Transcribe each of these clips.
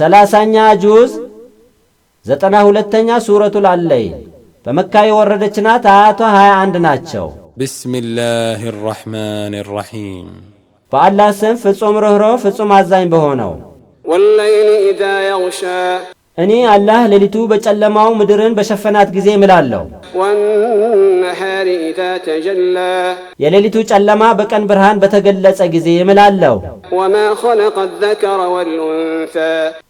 ሰላሳኛ ጁዝ ዘጠና ሁለተኛ ሱረቱል አለይ በመካ የወረደች ናት። አያቷ ሀያ አንድ ናቸው። ቢስሚላህ ራሕማን ራሒም በአላህ ስም ፍጹም ርኅሮ ፍጹም አዛኝ በሆነው ወለይሊ ኢዛ የግሻ እኔ አላህ ሌሊቱ በጨለማው ምድርን በሸፈናት ጊዜ እምላለሁ። ወነሃሪ ኢዛ ተጀላ የሌሊቱ ጨለማ በቀን ብርሃን በተገለጸ ጊዜ እምላለሁ። ወማ ኸለቀ ዘከረ ወልኡንሳ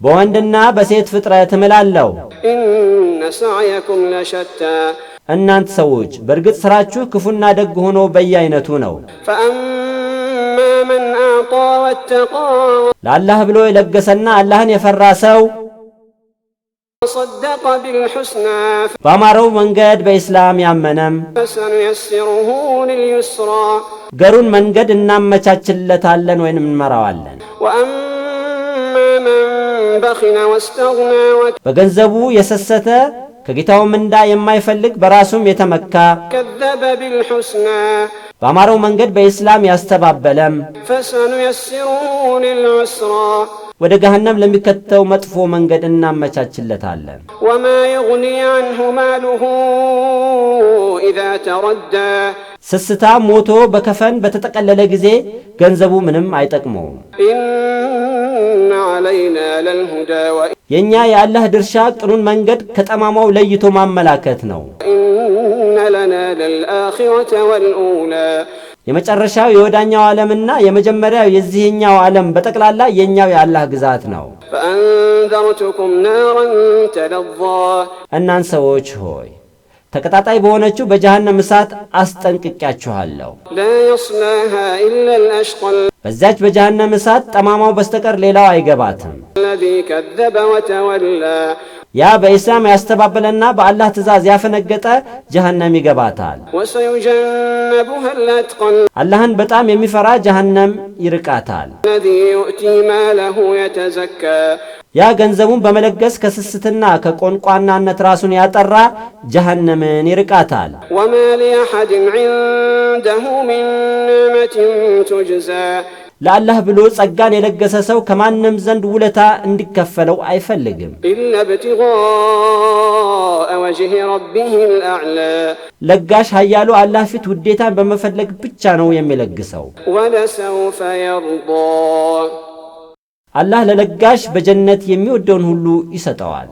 በወንድና በሴት ፍጥረት እምላለሁ። ኢነ ሰዓየኩም ለሸታ እናንት ሰዎች በእርግጥ ሥራችሁ ክፉና ደግ ሆኖ በየአይነቱ ነው። ፈአማ መን አዕጣ ወተቃ ለአላህ ብሎ የለገሰና አላህን የፈራ ሰው በአማረው መንገድ በኢስላም ያመነም ገሩን መንገድ እናመቻችለታለን ወይም እንመራዋለን። በገንዘቡ የሰሰተ ከጌታው ምንዳ የማይፈልግ በራሱም የተመካ በአማረው መንገድ በኢስላም ያስተባበለም ወደ ገሃነም ለሚከተው መጥፎ መንገድ እናመቻችለታለን። ወማ ይግኒ አንሁ ማሉሁ ኢዛ ተረዳ ስስታ ሞቶ በከፈን በተጠቀለለ ጊዜ ገንዘቡ ምንም አይጠቅመውም። ኢና ዐለይና ለልሁዳ የእኛ የአላህ ድርሻ ቅኑን መንገድ ከጠማማው ለይቶ ማመላከት ነው። ኢና ለና ለልአኺረተ ወልኡላ የመጨረሻው የወዳኛው ዓለምና የመጀመሪያው የዚህኛው ዓለም በጠቅላላ የኛው የአላህ ግዛት ነው። ፈአንዘርቱኩም ተለዛ ሰዎች ሆይ ተቀጣጣይ በሆነችው በጀሃነም እሳት አስጠንቅቂያችኋለሁ። በዚያች በጀሃነም እሳት ጠማማው በስተቀር ሌላው አይገባትም። ከዘበ ወተወላ ያ በኢስላም ያስተባበለና በአላህ ትእዛዝ ያፈነገጠ ጀሃነም ይገባታል። አላህን በጣም የሚፈራ ጀሃነም ይርቃታል። ያ ገንዘቡን በመለገስ ከስስትና ከቆንቋናነት ራሱን ያጠራ ጀሃነምን ይርቃታል። ወማ ሊአሐድን ዒንደሁ ሚን ኒዕመቲን ቱጅዛ ለአላህ ብሎ ጸጋን የለገሰ ሰው ከማንም ዘንድ ውለታ እንዲከፈለው አይፈልግም። ለጋሽ ኃያሉ አላህ ፊት ውዴታን በመፈለግ ብቻ ነው የሚለግሰው። አላህ ለለጋሽ በጀነት የሚወደውን ሁሉ ይሰጠዋል።